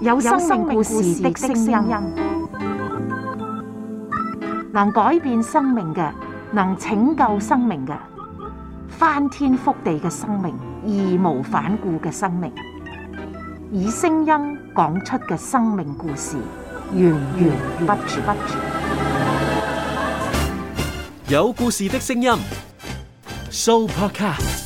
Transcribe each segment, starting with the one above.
有生命故事的聲音，能改變生命嘅，能拯救生命嘅，翻天覆地嘅生命，義無反顧嘅生命，以聲音講出嘅生命故事，源源不絕。有故事的聲音，Sooopodcast。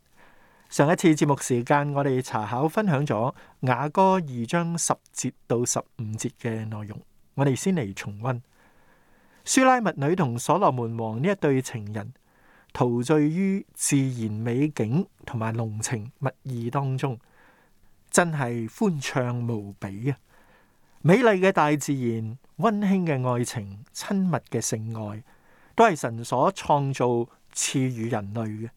上一次節目時間，我哋查考分享咗雅歌二章十節到十五節嘅內容，我哋先嚟重溫。舒拉密女同所羅門王呢一對情人陶醉於自然美景同埋濃情蜜意當中，真係歡暢無比啊！美麗嘅大自然、溫馨嘅愛情、親密嘅性愛，都係神所創造賜予人類嘅。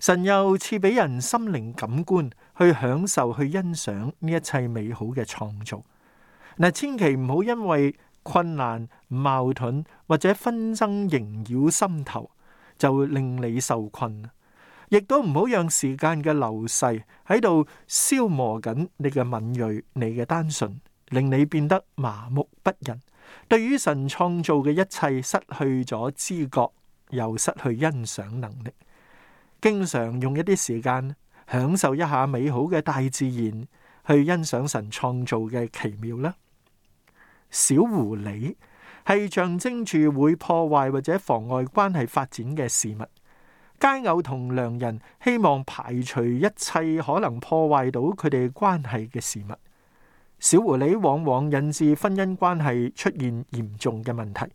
神又賜俾人心靈感官去享受、去欣賞呢一切美好嘅創造。嗱，千祈唔好因為困難、矛盾或者紛爭縈繞心頭，就會令你受困；亦都唔好讓時間嘅流逝喺度消磨緊你嘅敏銳、你嘅單純，令你變得麻木不仁，對於神創造嘅一切失去咗知覺，又失去欣賞能力。經常用一啲時間享受一下美好嘅大自然，去欣賞神創造嘅奇妙啦。小狐狸係象徵住會破壞或者妨礙關係發展嘅事物。佳偶同良人希望排除一切可能破壞到佢哋關係嘅事物。小狐狸往往引致婚姻關係出現嚴重嘅問題，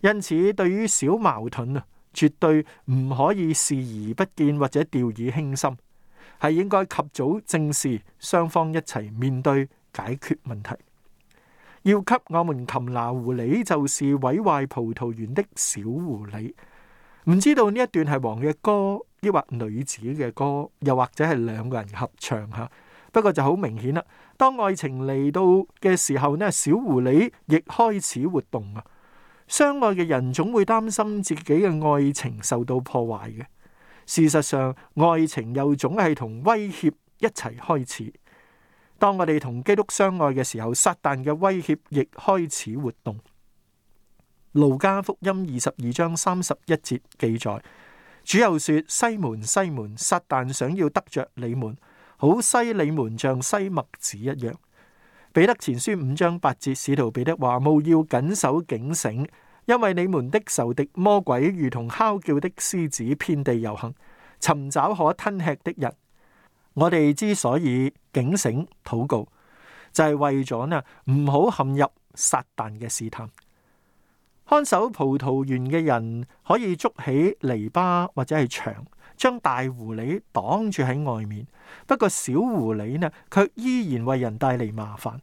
因此對於小矛盾啊。絕對唔可以視而不見或者掉以輕心，係應該及早正視，雙方一齊面對解決問題。要給我們擒拿狐狸，就是毀壞葡萄園的小狐狸。唔知道呢一段係王嘅歌，抑或女子嘅歌，又或者係兩個人合唱吓。不過就好明顯啦，當愛情嚟到嘅時候呢，小狐狸亦開始活動啊。相愛嘅人總會擔心自己嘅愛情受到破壞嘅。事實上，愛情又總係同威脅一齊開始。當我哋同基督相愛嘅時候，撒但嘅威脅亦開始活動。路加福音二十二章三十一節記載，主又說：西門，西門，撒但想要得着你們，好西，你們像西麥子一樣。彼得前書五章八節，使徒彼得話：務要謹守警醒，因為你們的仇敵魔鬼如同敲叫的獅子，遍地遊行，尋找可吞吃的人。我哋之所以警醒禱告，就係、是、為咗呢唔好陷入撒但嘅試探。看守葡萄園嘅人可以築起籬笆或者係牆，將大狐狸擋住喺外面。不過小狐狸呢，却依然為人帶嚟麻煩。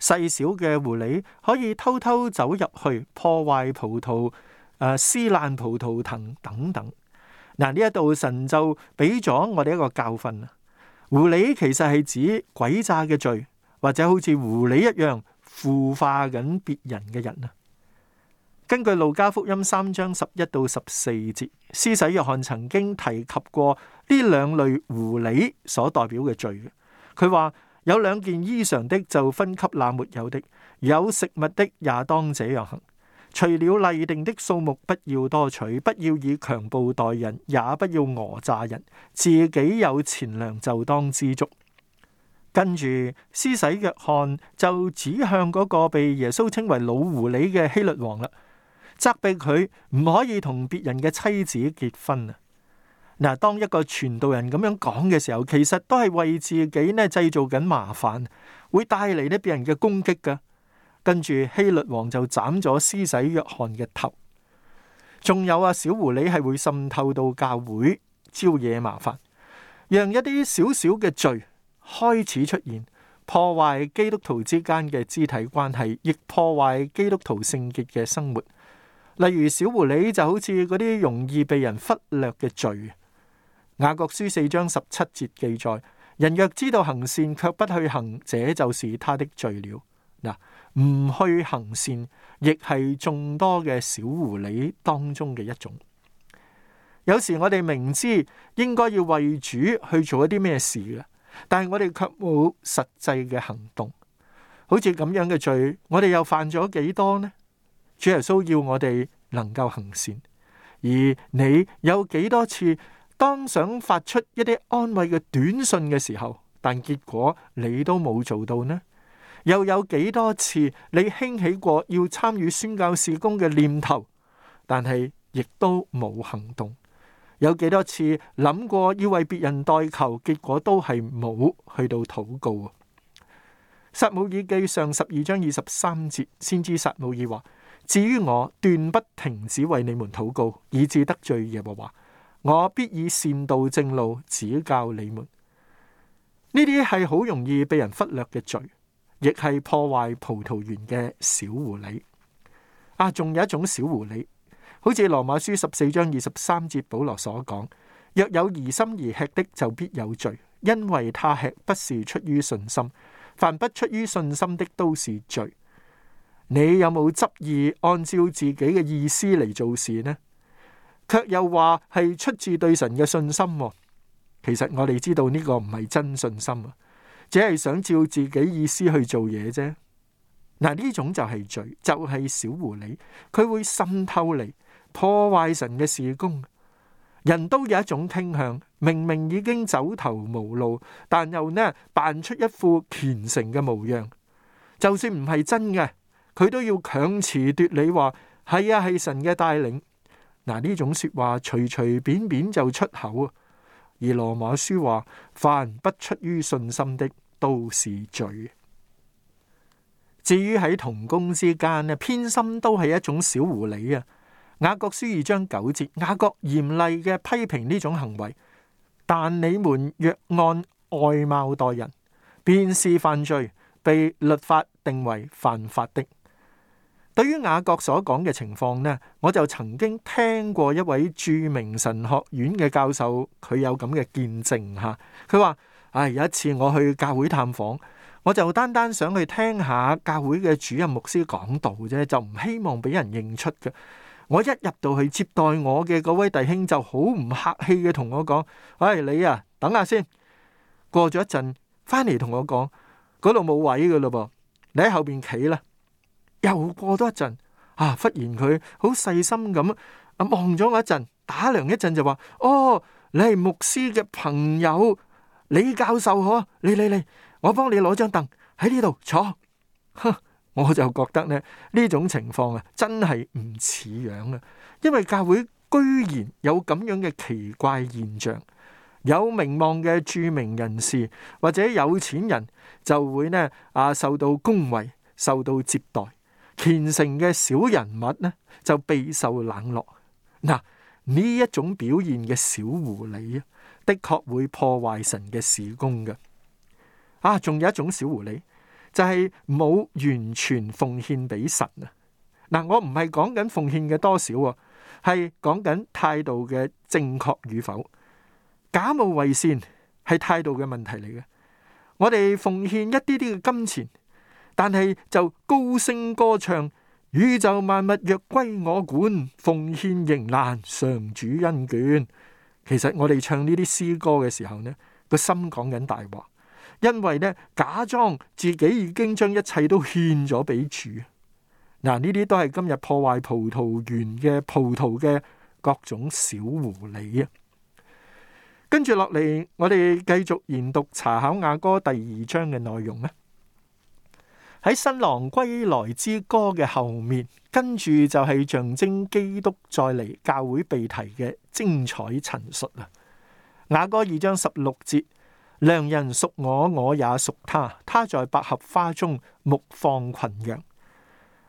細小嘅狐狸可以偷偷走入去破壞葡萄，誒、呃、撕爛葡萄藤、等等。嗱，呢一度神就俾咗我哋一個教訓啊！狐狸其實係指鬼詐嘅罪，或者好似狐狸一樣腐化緊別人嘅人啊！根據路加福音三章十一到十四節，施洗約翰曾經提及過呢兩類狐狸所代表嘅罪。佢話。有兩件衣裳的就分給那沒有的，有食物的也當這樣行。除了例定的數目，不要多取，不要以強暴待人，也不要訛詐人。自己有錢糧就當知足。跟住施洗約翰就指向嗰個被耶穌稱為老狐狸嘅希律王啦，責備佢唔可以同別人嘅妻子結婚啊！嗱，當一個傳道人咁樣講嘅時候，其實都係為自己呢製造緊麻煩，會帶嚟呢別人嘅攻擊㗎。跟住希律王就斬咗施洗約翰嘅頭，仲有啊，小狐狸係會滲透到教會招惹麻煩，讓一啲小小嘅罪開始出現，破壞基督徒之間嘅肢體關係，亦破壞基督徒聖潔嘅生活。例如小狐狸就好似嗰啲容易被人忽略嘅罪。雅各書四章十七節記載：人若知道行善卻不去行，這就是他的罪了。嗱，唔去行善，亦係眾多嘅小狐狸當中嘅一種。有時我哋明知應該要為主去做一啲咩事啦，但係我哋卻冇實際嘅行動。好似咁樣嘅罪，我哋又犯咗幾多呢？主耶穌要我哋能夠行善，而你有幾多次？當想發出一啲安慰嘅短信嘅時候，但結果你都冇做到呢？又有幾多次你興起過要參與宣教事工嘅念頭，但係亦都冇行動？有幾多次諗過要為別人代求，結果都係冇去到禱告？撒母耳記上十二章二十三節，先知撒母耳話：至於我，斷不停止為你們禱告，以致得罪耶和華。我必以善道正路指教你們，呢啲係好容易被人忽略嘅罪，亦係破壞葡萄園嘅小狐狸。啊，仲有一種小狐狸，好似羅馬書十四章二十三節保羅所講：若有疑心而吃的，就必有罪，因為他吃不是出於信心，凡不出於信心的，都是罪。你有冇執意按照自己嘅意思嚟做事呢？卻又話係出自對神嘅信心喎，其實我哋知道呢個唔係真信心啊，只係想照自己意思去做嘢啫。嗱，呢種就係罪，就係小狐狸，佢會滲透嚟破壞神嘅事工。人都有一種傾向，明明已經走投無路，但又呢扮出一副虔誠嘅模樣，就算唔係真嘅，佢都要強詞奪理，話係啊係神嘅帶領。嗱，呢種説話隨隨便便就出口啊！而羅馬書話：凡不出於信心的都是罪。至於喺同工之間咧，偏心都係一種小狐狸啊！雅各書二章九節，雅各嚴厲嘅批評呢種行為。但你們若按外貌待人，便是犯罪，被律法定為犯法的。對於雅歌所講嘅情況呢，我就曾經聽過一位著名神學院嘅教授，佢有咁嘅見證吓。佢話：，唉、哎，有一次我去教會探訪，我就單單想去聽下教會嘅主任牧師講道啫，就唔希望俾人認出嘅。我一入到去接待我嘅嗰位弟兄就好唔客氣嘅同我講：，喂、哎，你啊，等下先。過咗一陣，翻嚟同我講：，嗰度冇位噶咯噃，你喺後邊企啦。又過多一陣啊，忽然佢好細心咁啊，望咗我一陣，打量一陣就話：哦，你係牧師嘅朋友李教授嗬？你你你，我幫你攞張凳喺呢度坐。吓，我就覺得咧呢種情況啊，真係唔似樣啊，因為教會居然有咁樣嘅奇怪現象，有名望嘅著名人士或者有錢人就會咧啊，受到恭維，受到接待。虔誠嘅小人物呢，就備受冷落。嗱，呢一種表現嘅小狐狸，的確會破壞神嘅事工嘅。啊，仲有一種小狐狸，就係冇完全奉獻俾神啊。嗱，我唔係講緊奉獻嘅多少，係講緊態度嘅正確與否。假冒為善係態度嘅問題嚟嘅。我哋奉獻一啲啲嘅金錢。但係就高聲歌唱，宇宙萬物若歸我管，奉獻仍難，上主恩眷。其實我哋唱呢啲詩歌嘅時候呢，個心講緊大話，因為呢假裝自己已經將一切都獻咗俾主。嗱，呢啲都係今日破壞葡萄園嘅葡萄嘅各種小狐狸啊！跟住落嚟，我哋繼續研讀查考雅歌第二章嘅內容啦。喺《新郎歸來之歌》嘅後面，跟住就係象徵基督再嚟教會被提嘅精彩陳述啦。雅歌二章十六節：良人屬我，我也屬他。他在百合花中牧放群羊。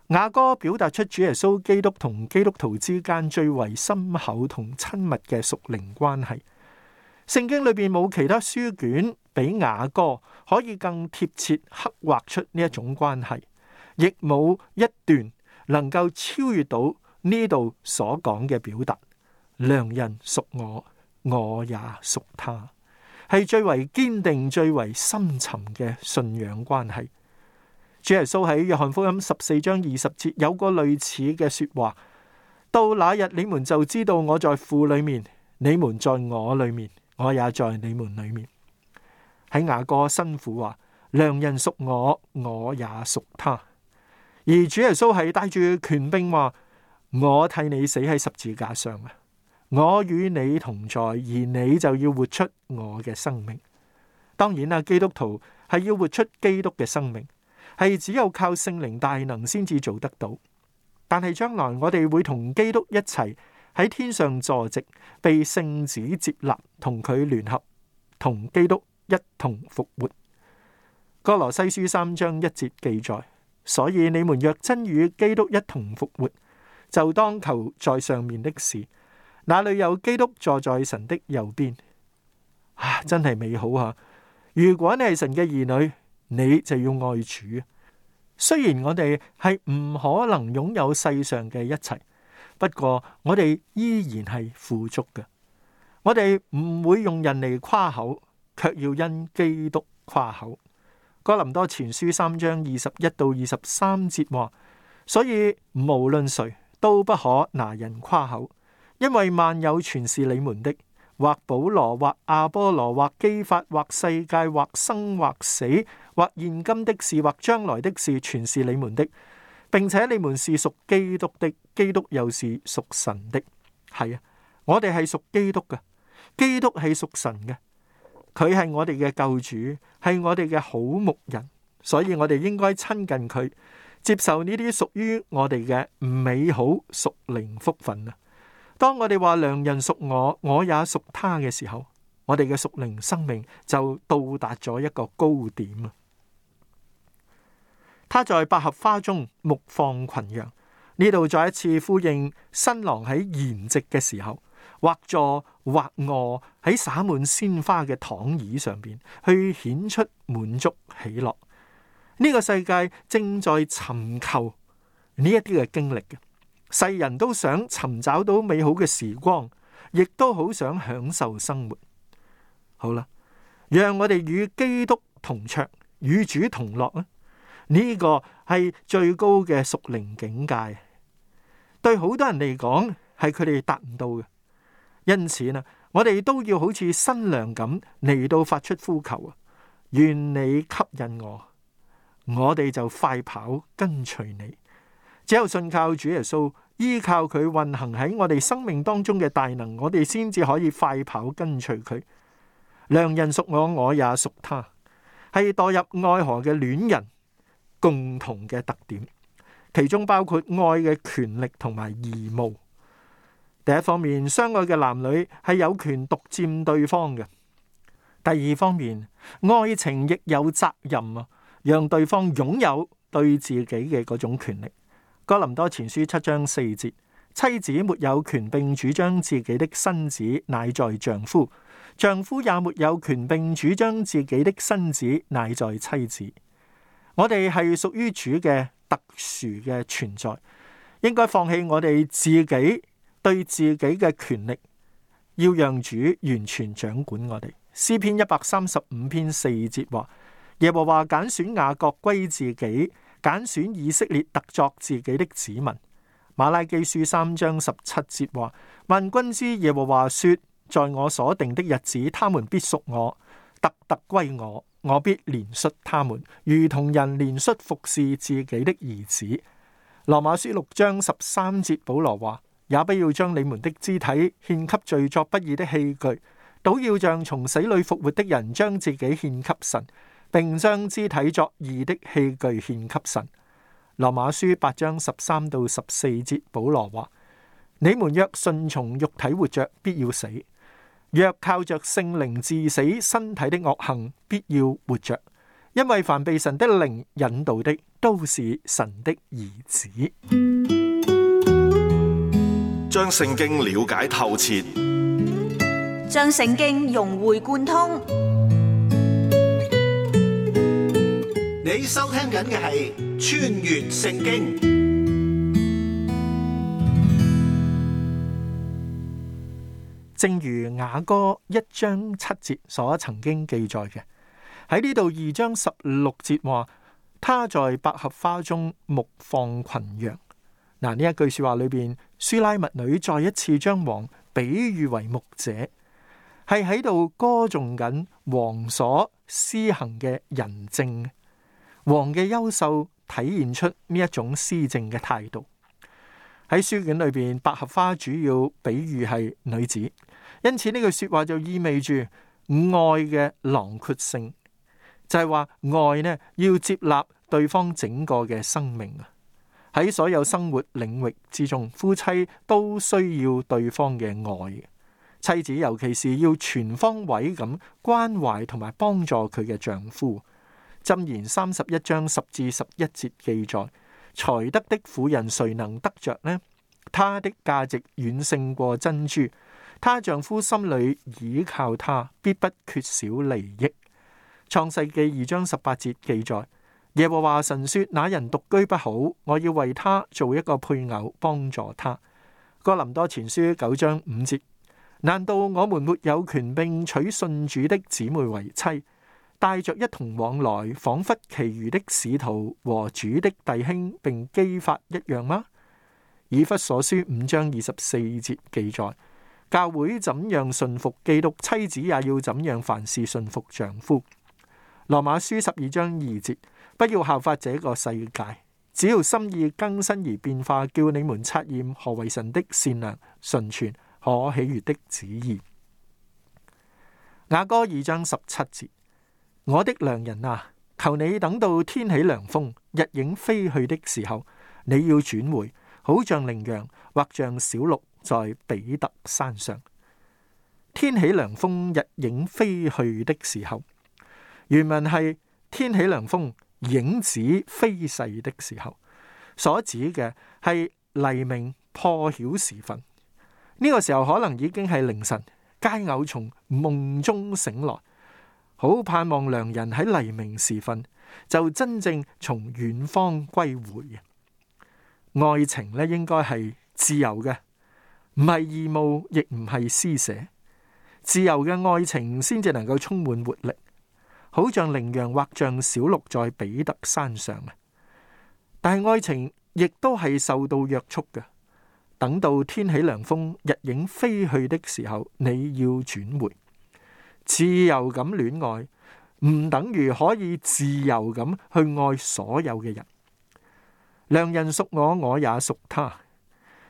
雅歌表達出主耶穌基督同基督徒之間最為深厚同親密嘅屬靈關係。聖經裏邊冇其他書卷。比雅歌可以更貼切刻畫出呢一種關係，亦冇一段能夠超越到呢度所講嘅表達。良人屬我，我也屬他，係最為堅定、最為深沉嘅信仰關係。主耶穌喺約翰福音十四章二十節有個類似嘅說話：到那日，你們就知道我在父裡面，你們在我裡面，我也在你們裡面。喺雅歌辛苦啊，良人屬我，我也屬他。而主耶穌係帶住權柄話：我替你死喺十字架上啊，我與你同在，而你就要活出我嘅生命。當然啦，基督徒係要活出基督嘅生命，係只有靠聖靈大能先至做得到。但係將來我哋會同基督一齊喺天上坐席，被聖子接納，同佢聯合，同基督。一同復活，哥羅西書三章一節記載，所以你們若真與基督一同復活，就當求在上面的事。那裏有基督坐在神的右邊。啊，真係美好啊！如果你係神嘅兒女，你就要愛主。雖然我哋係唔可能擁有世上嘅一切，不過我哋依然係富足嘅。我哋唔會用人嚟誇口。卻要因基督誇口。哥林多前書三章二十一到二十三節話，所以無論誰都不可拿人誇口，因為萬有全是你們的。或保羅，或阿波羅，或基法，或世界，或生，或死，或現今的事，或將來的事，全是你們的，並且你們是屬基督的，基督又是屬神的。係啊，我哋係屬基督嘅，基督係屬神嘅。佢係我哋嘅救主，係我哋嘅好牧人，所以我哋應該親近佢，接受呢啲屬於我哋嘅美好屬靈福分啊！當我哋話良人屬我，我也屬他嘅時候，我哋嘅屬靈生命就到達咗一個高點啊！他在百合花中牧放群羊，呢度再一次呼應新郎喺筵席嘅時候。或坐或卧喺灑滿鮮花嘅躺椅上邊，去顯出滿足喜樂。呢個世界正在尋求呢一啲嘅經歷嘅世人，都想尋找到美好嘅時光，亦都好想享受生活。好啦，讓我哋與基督同桌，與主同樂啊！呢個係最高嘅屬靈境界，對好多人嚟講係佢哋達唔到嘅。因此呢，我哋都要好似新娘咁嚟到發出呼求啊！願你吸引我，我哋就快跑跟隨你。只有信靠主耶穌，依靠佢運行喺我哋生命當中嘅大能，我哋先至可以快跑跟隨佢。良人屬我，我也屬他，係墮入愛河嘅戀人，共同嘅特點，其中包括愛嘅權力同埋義務。第一方面，相愛嘅男女係有權獨占對方嘅。第二方面，愛情亦有責任啊，讓對方擁有對自己嘅嗰種權力。哥林多前書七章四節：妻子沒有權并主張自己的身子乃在丈夫，丈夫也沒有權并主張自己的身子乃在妻子。我哋係屬於主嘅特殊嘅存在，應該放棄我哋自己。對自己嘅權力，要讓主完全掌管我哋。詩篇一百三十五篇四節話：耶和華揀選雅各歸自己，揀選以色列特作自己的子民。馬拉基書三章十七節話：萬軍之耶和華說，在我所定的日子，他們必屬我，特特歸我，我必連率他們，如同人連率服侍自己的兒子。羅馬書六章十三節保羅話。也不要將你們的肢體獻給罪作不義的器具，倒要像從死裏復活的人，將自己獻給神，並將肢體作義的器具獻給神。羅馬書八章十三到十四節，保羅話：你們若順從肉體活着，必要死；若靠着聖靈治死身體的惡行，必要活着。因為凡被神的靈引導的，都是神的兒子。將聖經了解透徹、嗯，將聖經融會貫通。你收聽緊嘅係穿越聖經，正如雅歌一章七節所曾經記載嘅喺呢度二章十六節話，他在百合花中牧放群羊。嗱呢一句說話裏邊。舒拉密女再一次將王比喻為牧者，係喺度歌頌緊王所施行嘅仁政。王嘅優秀體現出呢一種施政嘅態度。喺書卷裏邊，百合花主要比喻係女子，因此呢句說話就意味住愛嘅囊括性，就係、是、話愛呢要接納對方整個嘅生命啊。喺所有生活領域之中，夫妻都需要對方嘅愛。妻子尤其是要全方位咁關懷同埋幫助佢嘅丈夫。箴言三十一章十至十一節記載：才德的婦人誰能得着呢？她的價值遠勝過珍珠。她丈夫心裏倚靠她，必不缺少利益。創世記二章十八節記載。耶和華神說：那人獨居不好，我要為他做一個配偶，幫助他。哥林多前書九章五節。難道我們沒有權柄娶信主的姊妹為妻，帶着一同往來，仿佛其餘的使徒和主的弟兄，並磯法一樣嗎？以弗所書五章二十四節記載：教會怎樣順服基督，妻子也要怎樣；凡事順服丈夫。羅馬書十二章二節。不要效法這個世界，只要心意更新而變化，叫你們察驗何為神的善良、純全、可喜悅的旨意。雅歌二章十七節：我的良人啊，求你等到天起涼風、日影飛去的時候，你要轉回，好像羚羊或像小鹿在比特山上。天起涼風、日影飛去的時候，原文係天起涼風。影子飛逝的時候，所指嘅係黎明破曉時分。呢個時候可能已經係凌晨，佳偶從夢中醒來，好盼望良人喺黎明時分就真正從遠方歸回。愛情咧，應該係自由嘅，唔係義務，亦唔係施捨。自由嘅愛情先至能夠充滿活力。好像羚羊或像小鹿在比特山上啊，但係愛情亦都係受到約束嘅。等到天起涼風，日影飛去的時候，你要轉回，自由咁戀愛，唔等於可以自由咁去愛所有嘅人。良人屬我，我也屬他，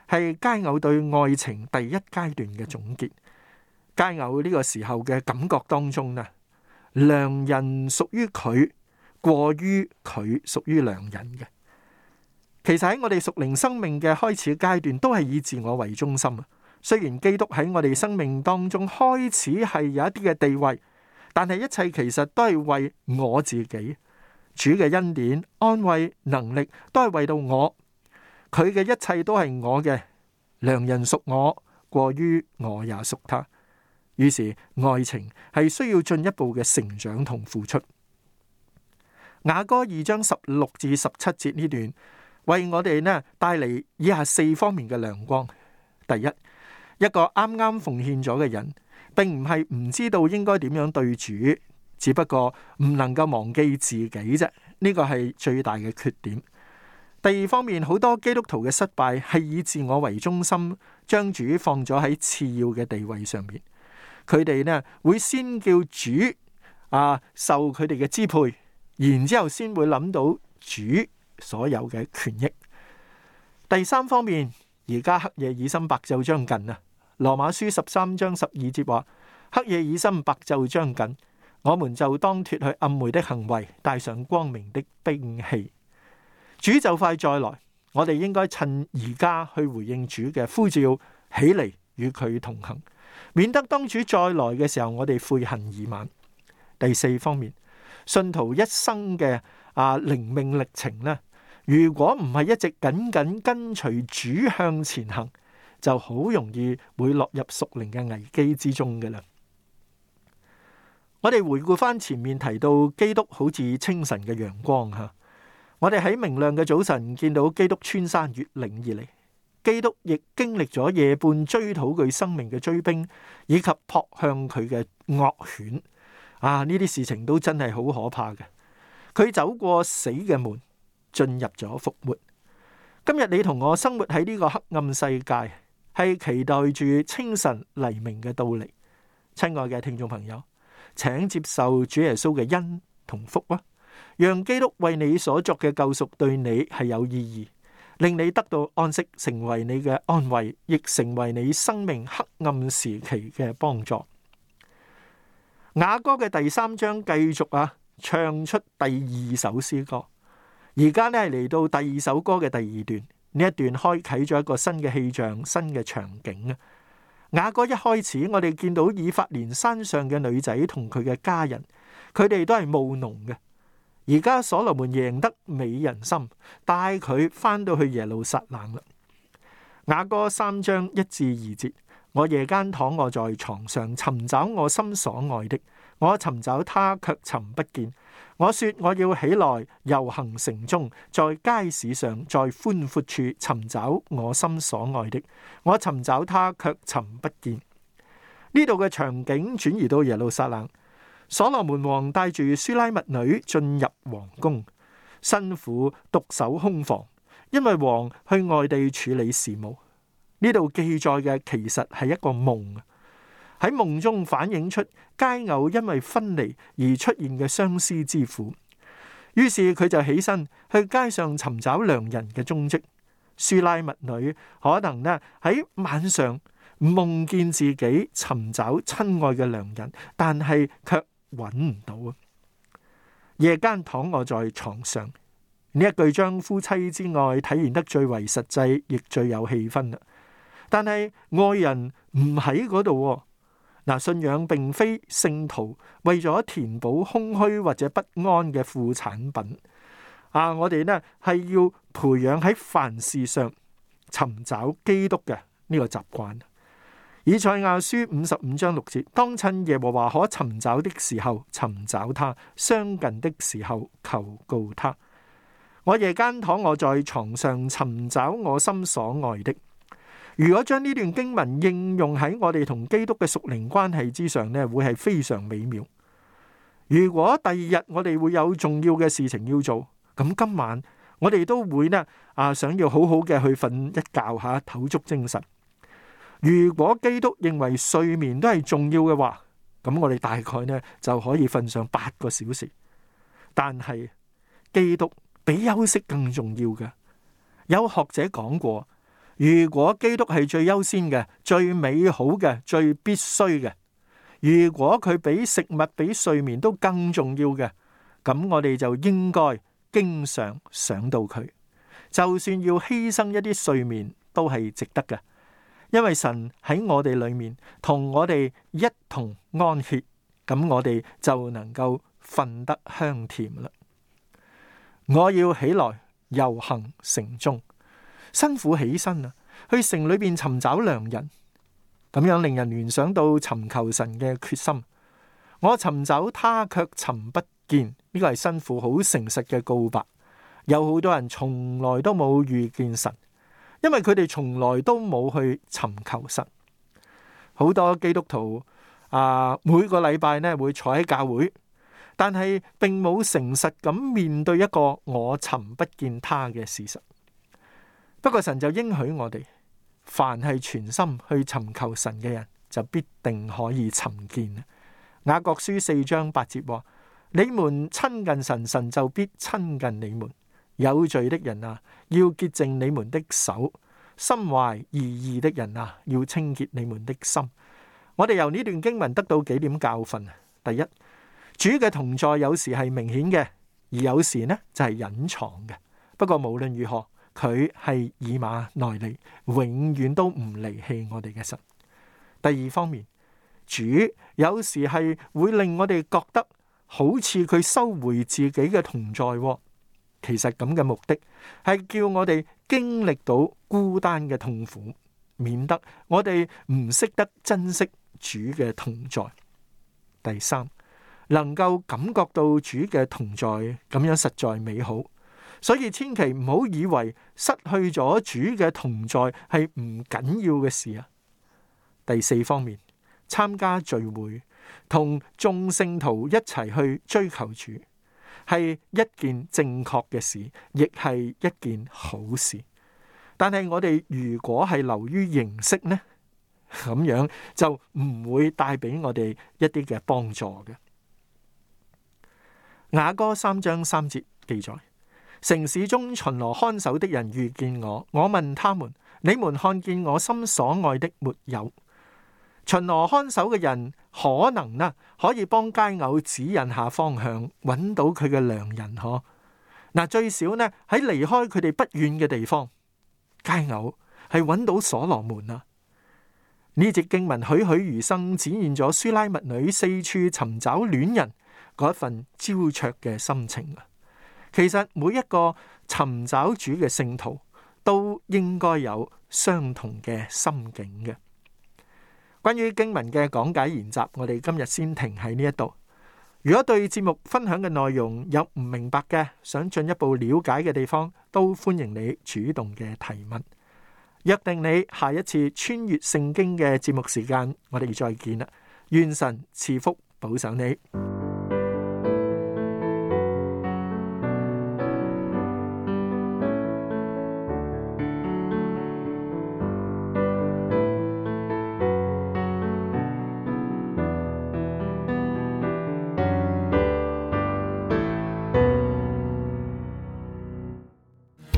係佳偶對愛情第一階段嘅總結。佳偶呢個時候嘅感覺當中呢？良人屬於佢，過於佢屬於良人嘅。其實喺我哋屬靈生命嘅開始階段，都係以自我為中心啊。雖然基督喺我哋生命當中開始係有一啲嘅地位，但係一切其實都係為我自己。主嘅恩典、安慰、能力都係為到我。佢嘅一切都係我嘅。良人屬我，過於我也屬他。於是愛情係需要進一步嘅成長同付出。雅歌二章十六至十七節呢段為我哋呢帶嚟以下四方面嘅亮光。第一，一個啱啱奉獻咗嘅人，並唔係唔知道應該點樣對主，只不過唔能夠忘記自己啫。呢個係最大嘅缺點。第二方面，好多基督徒嘅失敗係以自我為中心，將主放咗喺次要嘅地位上面。佢哋咧會先叫主啊受佢哋嘅支配，然之後先會諗到主所有嘅權益。第三方面，而家黑夜已深，白晝將近啊！羅馬書十三章十二節話：黑夜已深，白晝將近，我們就當脱去暗昧的行為，帶上光明的兵器。主就快再來，我哋應該趁而家去回應主嘅呼召，起嚟與佢同行。免得當主再來嘅時候，我哋悔恨已晚。第四方面，信徒一生嘅、啊靈命歷程呢，如果唔係一直緊緊跟隨主向前行，就好容易會落入屬靈嘅危機之中嘅啦。我哋回顧翻，前面提到基督好似清晨嘅陽光吓，我哋喺明亮嘅早晨見到基督穿山越嶺而嚟。基督亦經歷咗夜半追討佢生命嘅追兵，以及撲向佢嘅惡犬。啊，呢啲事情都真係好可怕嘅。佢走過死嘅門，進入咗復活。今日你同我生活喺呢個黑暗世界，係期待住清晨黎明嘅到嚟。親愛嘅聽眾朋友，請接受主耶穌嘅恩同福啊！讓基督為你所作嘅救贖對你係有意義。令你得到安息，成為你嘅安慰，亦成為你生命黑暗時期嘅幫助。雅歌嘅第三章繼續啊，唱出第二首詩歌。而家呢，嚟到第二首歌嘅第二段，呢一段開啟咗一個新嘅氣象、新嘅場景啊！雅歌一開始，我哋見到以法蓮山上嘅女仔同佢嘅家人，佢哋都係務農嘅。而家所羅門贏得美人心，帶佢翻到去耶路撒冷。雅歌三章一至二節：我夜間躺臥在床上，尋找我心所愛的，我尋找他卻尋不見。我說我要起來，遊行城中，在街市上，在寬闊處尋找我心所愛的，我尋找他卻尋不見。呢度嘅場景轉移到耶路撒冷。所羅門王帶住書拉密女進入皇宮，辛苦獨守空房，因為王去外地處理事務。呢度記載嘅其實係一個夢，喺夢中反映出佳偶因為分離而出現嘅相思之苦。於是佢就起身去街上尋找良人嘅蹤跡。書拉密女可能呢喺晚上夢見自己尋找親愛嘅良人，但係卻。搵唔到啊！夜間躺臥在床上呢一句，將夫妻之愛體現得最為實際，亦最有氣氛啦、啊。但係愛人唔喺嗰度，嗱，信仰並非聖徒為咗填補空虛或者不安嘅副產品。啊，我哋呢係要培養喺凡事上尋找基督嘅呢個習慣。以賽亞書五十五章六節：當趁耶和華可尋找的時候尋找他，相近的時候求告他。我夜間躺卧在床上，尋找我心所愛的。如果將呢段經文應用喺我哋同基督嘅屬靈關係之上呢，會係非常美妙。如果第二日我哋會有重要嘅事情要做，咁今晚我哋都會呢，啊，想要好好嘅去瞓一覺吓，抖足精神。如果基督認為睡眠都係重要嘅話，咁我哋大概呢就可以瞓上八個小時。但係基督比休息更重要嘅。有學者講過，如果基督係最優先嘅、最美好嘅、最必須嘅，如果佢比食物、比睡眠都更重要嘅，咁我哋就應該經常想到佢，就算要犧牲一啲睡眠都係值得嘅。因為神喺我哋裏面，同我哋一同安歇，咁我哋就能夠瞓得香甜啦。我要起來遊行城中，辛苦起身啊，去城裏邊尋找良人，咁樣令人聯想到尋求神嘅決心。我尋找他，卻尋不見，呢個係辛苦好誠實嘅告白。有好多人從來都冇遇見神。因為佢哋從來都冇去尋求神，好多基督徒啊，每個禮拜呢會坐喺教會，但係並冇誠實咁面對一個我尋不見他嘅事實。不過神就應許我哋，凡係全心去尋求神嘅人，就必定可以尋見。雅各書四章八節話：「你們親近神，神就必親近你們。」有罪的人啊，要潔淨你們的手；心懷二意的人啊，要清潔你們的心。我哋由呢段經文得到幾點教訓？第一，主嘅同在有時係明顯嘅，而有時呢就係隱藏嘅。不過無論如何，佢係以馬內利，永遠都唔離棄我哋嘅神。第二方面，主有時係會令我哋覺得好似佢收回自己嘅同在喎。其實咁嘅目的係叫我哋經歷到孤單嘅痛苦，免得我哋唔識得珍惜主嘅同在。第三，能夠感覺到主嘅同在，咁樣實在美好。所以千祈唔好以為失去咗主嘅同在係唔緊要嘅事啊！第四方面，參加聚會，同眾聖徒一齊去追求主。係一件正確嘅事，亦係一件好事。但係我哋如果係流於形式呢，咁樣就唔會帶俾我哋一啲嘅幫助嘅。雅歌三章三節記載：城市中巡邏看守的人遇見我，我問他們：你們看見我心所愛的沒有？巡邏看守嘅人可能咧，可以幫佳偶指引下方向，揾到佢嘅良人可嗱、啊、最少咧，喺離開佢哋不遠嘅地方，佳偶係揾到所羅門啦。呢節經文栩栩如生展現咗舒拉密女四處尋找戀人嗰一份焦灼嘅心情啊！其實每一個尋找主嘅聖徒都應該有相同嘅心境嘅。關於經文嘅講解研習，我哋今日先停喺呢一度。如果對節目分享嘅內容有唔明白嘅、想進一步了解嘅地方，都歡迎你主動嘅提問。約定你下一次穿越聖經嘅節目時間，我哋再見啦！願神賜福保守你。